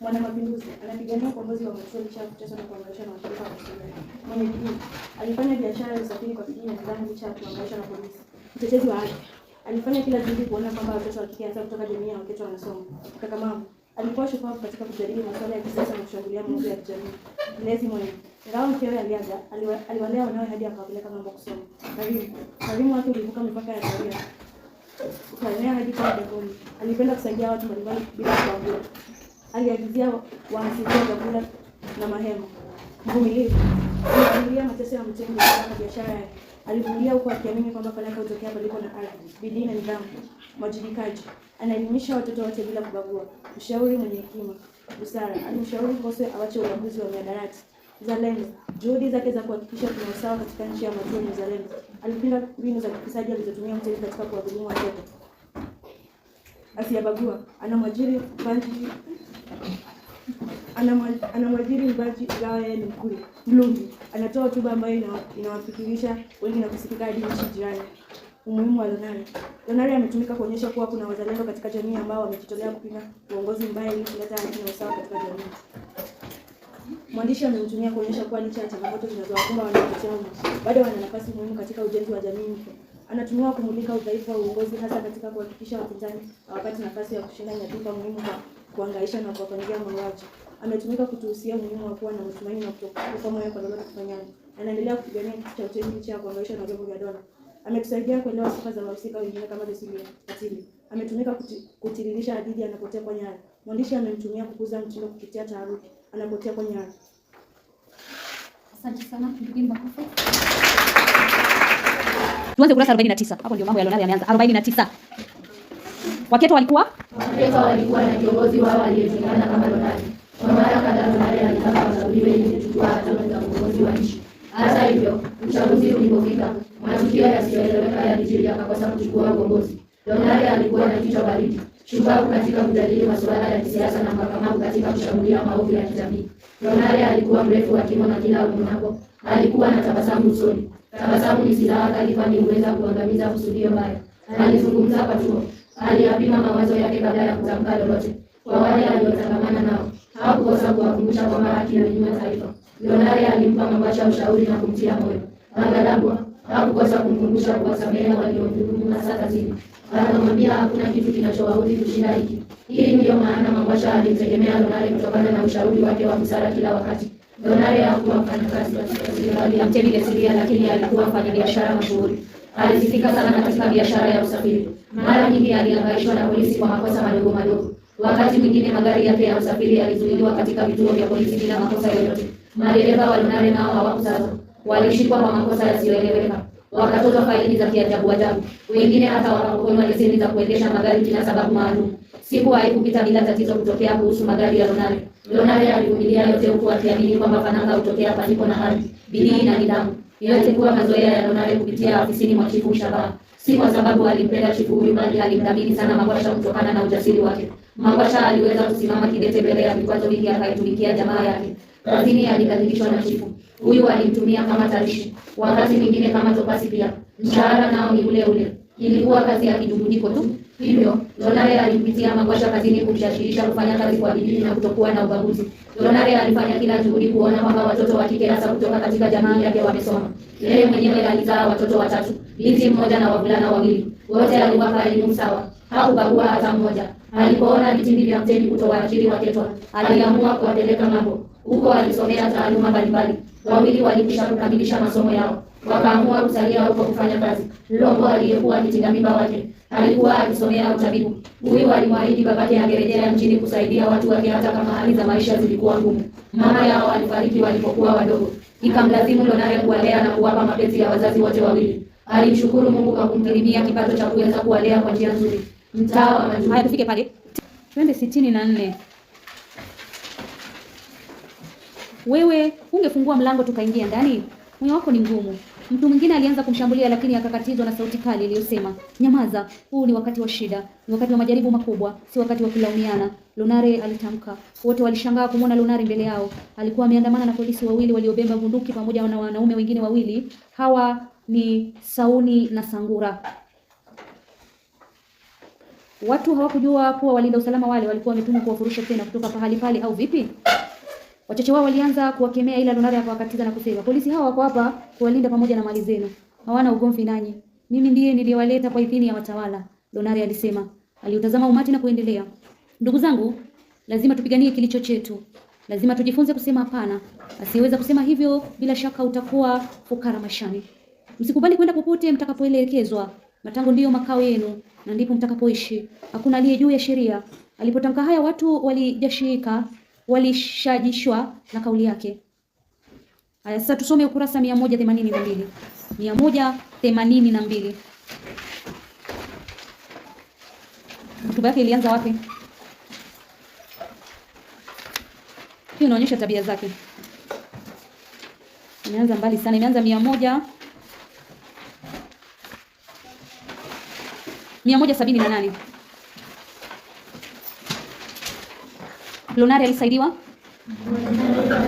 Mwana Mapinduzi anapigania ukombozi wa Mwacholi licha ya kuteswa na kuangaishwa na washirika wa upinzani. Mwenyekiti alifanya biashara ya usafiri kwa bidii na nidhamu licha kuangaishwa na polisi. Mtetezi wa haki alifanya kila juhudi kuona kwamba watoto wa kike hasa kutoka jamii ya watoto wanasoma. Kaka mama alikuwa shupavu katika kujadili masuala ya kisiasa na kushambulia mambo ya kijamii. Mlezi mwenye ingawa mkewe aliaga, aliwalea wanawe hadi akawapeleka mambo kusoma. Karimu, karimu wake ulivuka mipaka ya tabia Alipenda kusaidia watu mbalimbali bila kuambia. Aliagizia waasisia vyakula na mahema. Mvumilivu. Alivumilia mateso ya mtengo katika biashara yake. Alivumilia huku akiamini kwamba fanaka hutokea palipo na ardhi. Bidii na nidhamu. Mwajibikaji. Anaelimisha watoto wote bila kubagua. Mshauri mwenye hekima, busara. Alimshauri kose awache ubaguzi wa miadarati. Zalendo. Juhudi zake za kuhakikisha kuna usawa katika nchi ya Matumbi ni uzalendo. Alipinga mbinu za kifisadi alizotumia Mtemi katika kuwadhulumu watoto. Asiyabagua, anamwajiri mbaji anamwajiri mbaji ingawa yeye ni mkuli mlungi. Anatoa hotuba ambayo inawafikirisha wengi na kusikika hadi nchi jirani. Umuhimu wa Lonare. Lonare ametumika kuonyesha kuwa kuna wazalendo katika jamii ambao wamejitolea kupinga uongozi mbaya ili kuleta haki na usawa katika jamii. Mwandishi amehutumia kuonyesha kuwa licha ya changamoto zinazowakumba wanachama, bado wana nafasi muhimu katika ujenzi wa jamii mpya. Anatumiwa kumulika udhaifu wa uongozi, hasa katika kuhakikisha wapinzani hawapati nafasi ya kushinda nyadhifa muhimu kwa kuangaisha na kuwapangia mauaji. Ametumika kutuhusia umuhimu wa kuwa na matumaini na kutokufa moyo kwa lolote kufanyana. Anaendelea kupigania kitu cha utenzi licha ya kuangaishwa na vyombo vya dola. Ametusaidia kuelewa sifa za wahusika wengine kama Cecilia Katili. Ametumika kutiririsha hadithi anapotekwa nyara. Mwandishi amemtumia kukuza mtindo kupitia taharuki anapotea kwenye ardhi. Asante sana Tuanze 49. Hapo ndio mambo yalionayo yameanza. 49. Waketo walikuwa Waketo walikuwa na kiongozi wao aliyejulikana kama Donati. Kwa mara kadhaa Donati alitaka washauri wenye kuchukua hatua za uongozi wa nchi. mshupavu katika kujadili masuala ya kisiasa na mkakamavu katika kushambulia maovu ya kijamii. Ronare alikuwa mrefu wa kimo na kila umunapo alikuwa na tabasamu usoni. Tabasamu ni silaha kali, kwani huweza kuangamiza kusudio mbaya. Alizungumza kwa chuo, aliyapima mawazo yake kabla ya kutamka lolote. Kwa wale aliotangamana nao hakukosa kuwakumbusha kwamba haki ya taifa. Ronare alimpa Mabwacha ushauri na kumtia moyo. Angalagwa hakukosa kumkumbusha kuwasamehe waliomdhulumu hasa kazini. Anamwambia hakuna kitu kinachowaudhi kushinda hiki. Hii ndiyo maana Mangwasha alimtegemea Lonare kutokana na ushauri wake wa busara kila wakati. Lonare hakuwa mfanyakazi bali mtegemezi, lakini alikuwa mfanyabiashara mashuhuri. Alisifika sana katika biashara ya usafiri. Mara nyingi aliangaishwa na polisi kwa makosa madogo madogo. Wakati mwingine magari yake ya usafiri yalizuiliwa katika vituo vya polisi bila makosa yoyote. Madereva wa Lonare nao hawakusaza walishikwa kwa makosa yasiyoeleweka, wakatozwa faini za kiajabu ajabu, wengine hata wakapokonywa leseni za kuendesha magari bila sababu maalum. Siku haikupita bila tatizo kutokea kuhusu magari ya Lonare. Lonare alivumilia yote huku akiamini kwamba fananga hutokea paliko na ardhi, bidii na nidhamu. Yote kuwa mazoea ya Lonare kupitia afisini mwa Chifu Shabaha, si kwa sababu alimpenda Chifu huyu, bali alimdhamini sana makwasha kutokana na ujasiri wake. makwasha aliweza kusimama kidete mbele ya vikwazo vingi, akaitumikia jamaa yake. Kazini alikadhibishwa na Chifu huyu alimtumia kama tarishi, wakati mwingine kama topasi pia. Mshahara nao ni ule ule, ilikuwa kazi ya kiduguniko tu. Hivyo Donare alipitia Magwasha kazini kumshashirisha kufanya kazi kwa bidii na kutokuwa na ubaguzi. Donare alifanya kila juhudi kuona kwamba watoto wa kike hasa kutoka katika jamii yake wamesoma. Yeye mwenyewe alizaa watoto watatu, binti mmoja na wavulana wawili, wote aliwapa elimu sawa, hakubagua hata mmoja. Alipoona vitindi vya mtemi kutowaajiri waketwa, aliamua kuwapeleka mambo huko walisomea taaluma mbalimbali. Wawili walikwisha kukamilisha masomo yao, wakaamua kusalia huko kufanya kazi. Lombo aliyekuwa akitinda mimba wake alikuwa akisomea utabibu. Huyu alimwahidi babake angerejea nchini kusaidia watu wake, hata kama hali za maisha zilikuwa ngumu. Mama yao alifariki walipokuwa wadogo, ikamlazimu Lonare kuwalea na kuwapa mapenzi ya wazazi wote wawili. Alimshukuru Mungu kwa kumkirimia kipato cha kuweza kuwalea kwa njia nzuri. Mtaa wa Tufike pale twende sitini na nne. Wewe ungefungua mlango tukaingia ndani? Moyo wako ni ngumu. Mtu mwingine alianza kumshambulia lakini akakatizwa na sauti kali iliyosema, "Nyamaza, huu ni wakati wa shida, ni wakati wa majaribu makubwa, si wakati wa kulaumiana." Lunare alitamka. Wote walishangaa kumwona Lunare mbele yao. Alikuwa ameandamana na polisi wawili waliobeba bunduki pamoja na wanaume wengine wawili. Hawa ni Sauni na Sangura. Watu hawakujua kuwa walinda usalama wale walikuwa wametumwa kuwafurusha tena kutoka pahali pale au vipi? Wachache wao walianza kuwakemea, ila Lunara akawakatiza na kusema, polisi hawa wako hapa kuwalinda pamoja na mali zenu, hawana ugomvi nanyi. Mimi ndiye niliyowaleta kwa idhini ya watawala, Lunara alisema. Aliutazama umati na kuendelea, ndugu zangu, lazima tupiganie kilicho chetu, lazima tujifunze kusema hapana. Asiweza kusema hivyo, bila shaka utakuwa fukara mashani. Msikubali kwenda popote mtakapoelekezwa. Matango ndiyo makao yenu na ndipo mtakapoishi. Hakuna aliye juu ya sheria. Alipotamka haya, watu walijashika walishajishwa na kauli yake. Haya, sasa tusome ukurasa 182. 182. Hotuba yake ilianza wapi? Hiyo inaonyesha tabia zake. Imeanza mbali sana, imeanza mia moja mia moja sabini na nane. Lunari alisaidiwa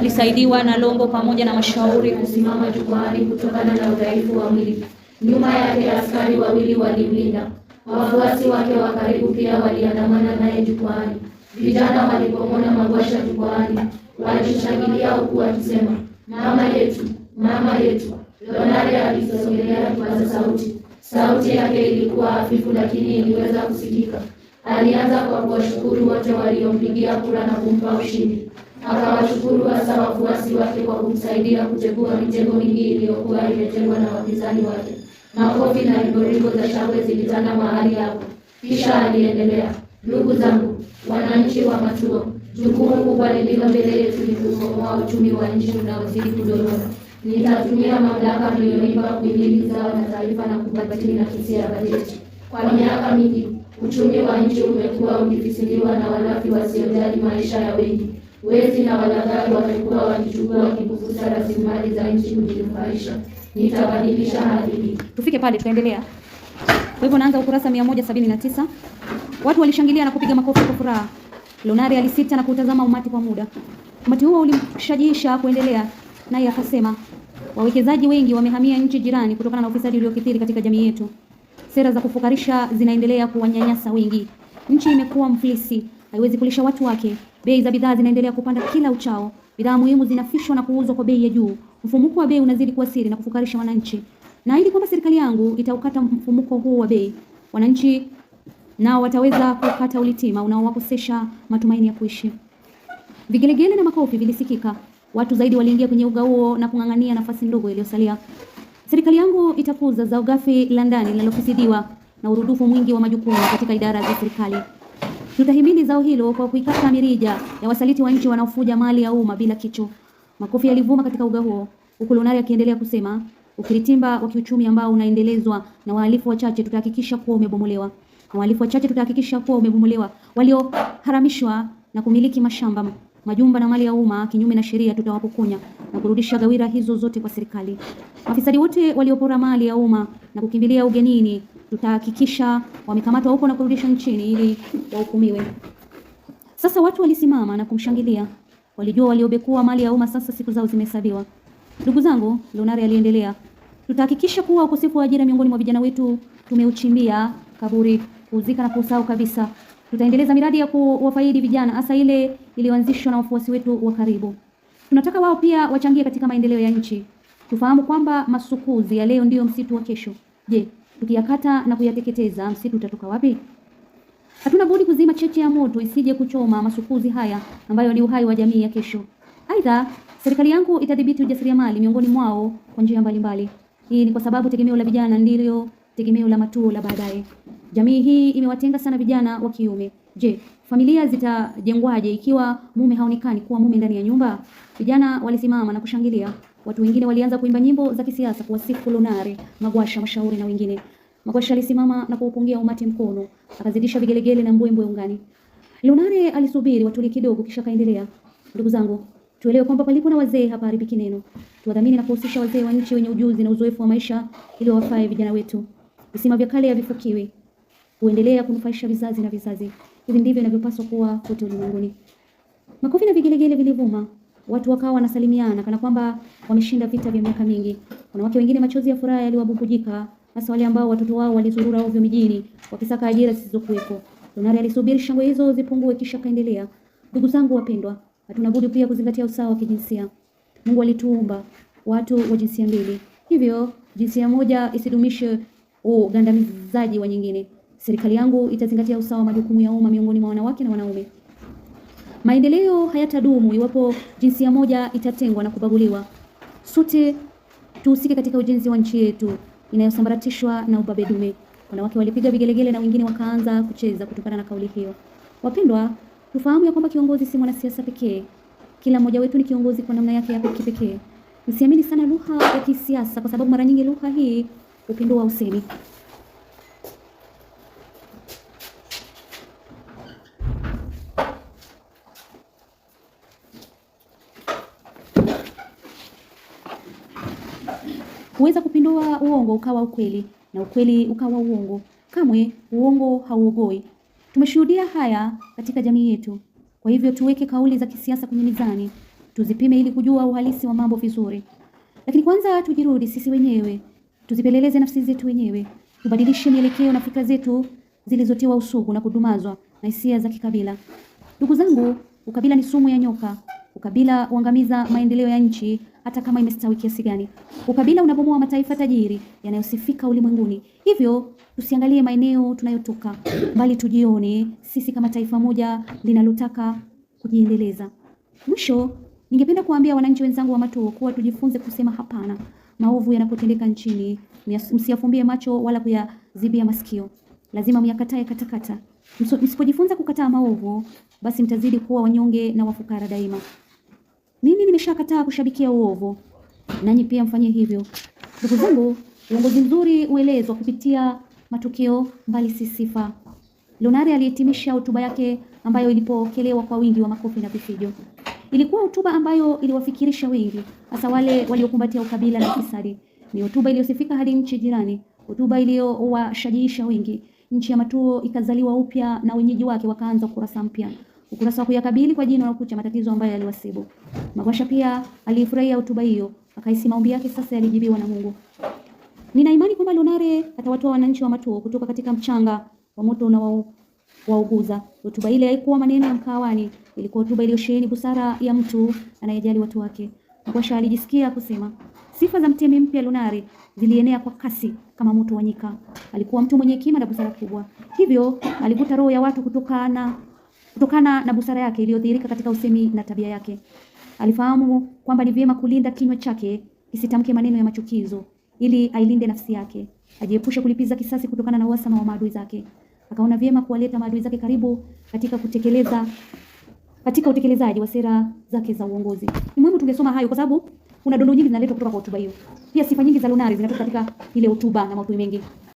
alisaidiwa na Longo pamoja na mashauri kusimama jukwaani kutokana na udhaifu wa mwili. Nyuma yake askari wawili walimlinda. Wafuasi wake wa karibu pia waliandamana naye jukwaani. Vijana walipomona Magwasha jukwaani, walishangilia huku wakisema mama yetu, mama yetu. Lonare alisogelea kwa sauti. Sauti yake ilikuwa hafifu, lakini iliweza kusikika. Alianza kwa kuwashukuru wote waliompigia kura na kumpa ushindi. Akawashukuru hasa wafuasi wake kwa kumsaidia kutegua mitego mingi iliyokuwa imetengwa na wapinzani wake. Makofi na rigoringo za shangwe zilitanda mahali hapo. Kisha aliendelea, ndugu zangu wananchi wa Matuo, jukumu kubwa lililo mbele yetu ni kukomoa uchumi wa nchi unaozidi kudorora. Nitatumia mamlaka mliyonipa kuhimili zao na taifa na kubatili na kisia ya bajeti kwa miaka mingi Uchumi wa nchi umekuwa ukifisiliwa na walafi wasiojali maisha ya wengi. Wezi na walaghai wamekuwa wakichukua wakibufusa rasilimali za nchi kujinufaisha. Nitabadilisha hali hii. Tufike pale tuendelea. Kwa hivyo naanza ukurasa 179. Watu walishangilia na kupiga makofi kwa furaha. Lonari alisita na kutazama umati kwa muda. Umati huo ulimshajisha kuendelea, naye akasema, wawekezaji wengi wamehamia nchi jirani kutokana na ufisadi uliokithiri katika jamii yetu. Sera za kufukarisha zinaendelea kuwanyanyasa wengi. Nchi imekuwa mfilisi, haiwezi kulisha watu wake. Bei za bidhaa zinaendelea kupanda kila uchao. Bidhaa muhimu zinafishwa na kuuzwa kwa bei ya juu. Mfumuko wa bei unazidi siri na kufukarisha wananchi. Na ili kwamba serikali yangu itaukata mfumuko huu wa bei. Wananchi nao wataweza kukata ulitima unaowakosesha matumaini ya kuishi. Vigelegele na makofi vilisikika. Watu zaidi waliingia kwenye uga huo na kung'ang'ania nafasi ndogo iliyosalia. Serikali yangu itakuza zao ghafi la ndani linalofisidiwa na urudufu mwingi wa majukumu katika idara za serikali. Tutahimili zao hilo kwa kuikata mirija ya wasaliti wa nchi wanaofuja mali ya umma bila kicho. Makofi yalivuma katika uga huo, huku Lunari akiendelea kusema, ukiritimba wa kiuchumi ambao unaendelezwa na wahalifu wachache tutahakikisha kuwa umebomolewa. Na wahalifu wachache tutahakikisha kuwa umebomolewa, walioharamishwa na kumiliki mashamba majumba na mali ya umma kinyume na sheria, tutawapokonya na kurudisha gawira hizo zote kwa serikali. Mafisadi wote waliopora mali ya umma na kukimbilia ugenini, tutahakikisha wamekamatwa huko na kurudishwa nchini ili wahukumiwe. Sasa watu walisimama na kumshangilia, walijua waliobekua mali ya umma sasa siku zao zimehesabiwa. Ndugu zangu, Lonare aliendelea, tutahakikisha kuwa ukosefu wa ajira miongoni mwa vijana wetu tumeuchimbia kaburi, kuuzika na kusahau kabisa. Tutaendeleza miradi ya kuwafaidi vijana hasa ile iliyoanzishwa na wafuasi wetu wa karibu. Tunataka wao pia wachangie katika maendeleo ya nchi. Tufahamu kwamba masukuzi ya leo ndiyo msitu wa kesho. Je, tukiyakata na kuyateketeza msitu utatoka wapi? Hatuna budi kuzima cheche ya moto isije kuchoma masukuzi haya ambayo ni uhai wa jamii ya kesho. Aidha, serikali yangu itadhibiti ujasiriamali miongoni mwao kwa njia mbalimbali. Hii ni kwa sababu tegemeo la vijana ndilo tegemeo la matuo la baadaye. Jamii hii imewatenga sana vijana wa kiume. Je, familia zitajengwaje ikiwa mume haonekani kuwa mume ndani ya nyumba? Vijana walisimama na kushangilia. Watu wengine walianza kuimba nyimbo za kisiasa kuwasifu Lonare, Magwasha, Mashauri na wengine. Magwasha alisimama na kuupungia umati mkono, akazidisha vigelegele na mbwe mbwe ungani. Lonare alisubiri watulie kidogo, kisha kaendelea. Ndugu zangu, tuelewe kwamba palipo na wazee hapa haribiki neno. Tuwadhamini na kuhusisha wazee wa nchi wenye ujuzi na uzoefu wa maisha ili wawafae vijana wetu visima vya kale havifukiwi, huendelea kunufaisha vizazi na vizazi. Hivi ndivyo inavyopaswa kuwa kote ulimwenguni. Makofi na vigelegele vilivuma, watu wakawa wanasalimiana kana kwamba wameshinda vita vya miaka mingi. Wanawake wengine, machozi ya furaha yaliwabubujika, hasa wale ambao watoto wao walizurura ovyo mijini wakisaka ajira zisizokuwepo. Donari alisubiri shangwe hizo zipungue, kisha kaendelea. Ndugu zangu wapendwa, hatuna budi pia kuzingatia usawa wa kijinsia. Mungu alituumba watu wa jinsia mbili, hivyo jinsia moja isidumishe ugandamizaji wa nyingine. Serikali yangu itazingatia usawa wa majukumu ya umma miongoni mwa wanawake na wanaume. Maendeleo hayatadumu iwapo jinsia moja itatengwa na kubaguliwa. Sote tuhusike katika ujenzi wa nchi yetu inayosambaratishwa na ubabe dume. Wanawake walipiga vigelegele na wengine wakaanza kucheza kutokana na kauli hiyo. Wapendwa, tufahamu ya kwamba kiongozi si mwanasiasa pekee. Kila mmoja wetu ni kiongozi kwa namna yake ya kipekee. Msiamini sana lugha ya kisiasa, kwa sababu mara nyingi lugha hii upindua usemi huweza kupindua uongo ukawa ukweli na ukweli ukawa uongo. Kamwe uongo hauogoi. Tumeshuhudia haya katika jamii yetu. Kwa hivyo tuweke kauli za kisiasa kwenye mizani, tuzipime ili kujua uhalisi wa mambo vizuri. Lakini kwanza tujirudi sisi wenyewe. Tuzipeleleze nafsi zetu wenyewe, tubadilishe mielekeo na fikra zetu zilizotiwa usugu na kudumazwa na hisia za kikabila. Ndugu zangu, ukabila ni sumu ya nyoka. Ukabila huangamiza maendeleo ya nchi hata kama imestawi kiasi gani. Ukabila unabomoa mataifa tajiri yanayosifika ulimwenguni. Hivyo tusiangalie maeneo tunayotoka, bali tujione sisi kama taifa moja linalotaka kujiendeleza. Mwisho, ningependa kuambia wananchi wenzangu wa Matuo kuwa tujifunze kusema hapana maovu yanapotendeka nchini. Msiyafumbie macho wala kuyazibia masikio, lazima myakatae katakata. Msipojifunza kukataa maovu, basi mtazidi kuwa wanyonge na wafukara daima. Mimi nimeshakataa kushabikia uovu, nanyi pia mfanye hivyo. Ndugu zangu, uongozi mzuri uelezwa kupitia matukio, mbali si sifa. Lunari alihitimisha hotuba yake ambayo ilipokelewa kwa wingi wa makofi na vifijo. Ilikuwa hotuba ambayo iliwafikirisha wengi, hasa wale waliokumbatia ukabila na kisari. Ni hotuba iliyosifika hadi nchi jirani, hotuba iliyowashajiisha wengi. Nchi ya Matuo ikazaliwa upya na wenyeji wake wakaanza ukurasa mpya, ukurasa wa kuyakabili kwa jina la kucha matatizo ambayo yaliwasibu. Magwasha pia alifurahia hotuba hiyo, akahisi maombi yake sasa yalijibiwa na Mungu. Nina imani kwamba Lonare atawatoa wananchi wa Matuo kutoka katika mchanga wa moto na wao wauguza. Hotuba ile haikuwa maneno ya mkawani, ilikuwa hotuba iliyosheheni busara ya mtu anayejali watu wake. Mgwasha alijisikia kusema. Sifa za mtemi mpya Lunari zilienea kwa kasi kama moto wa nyika. Alikuwa mtu mwenye hekima na busara kubwa, hivyo alivuta roho ya watu kutokana kutokana na busara yake iliyodhihirika katika usemi na tabia yake. Alifahamu kwamba ni vyema kulinda kinywa chake isitamke maneno ya machukizo, ili ailinde nafsi yake, ajiepushe kulipiza kisasi kutokana na uhasama wa maadui zake akaona vyema kuwaleta maadui zake karibu katika kutekeleza katika utekelezaji wa sera zake za uongozi. Ni muhimu tungesoma hayo kwa sababu kuna dondoo nyingi zinaletwa kutoka kwa hotuba hiyo. Pia sifa nyingi za Lunari zinatoka katika ile hotuba na maudhui mengi.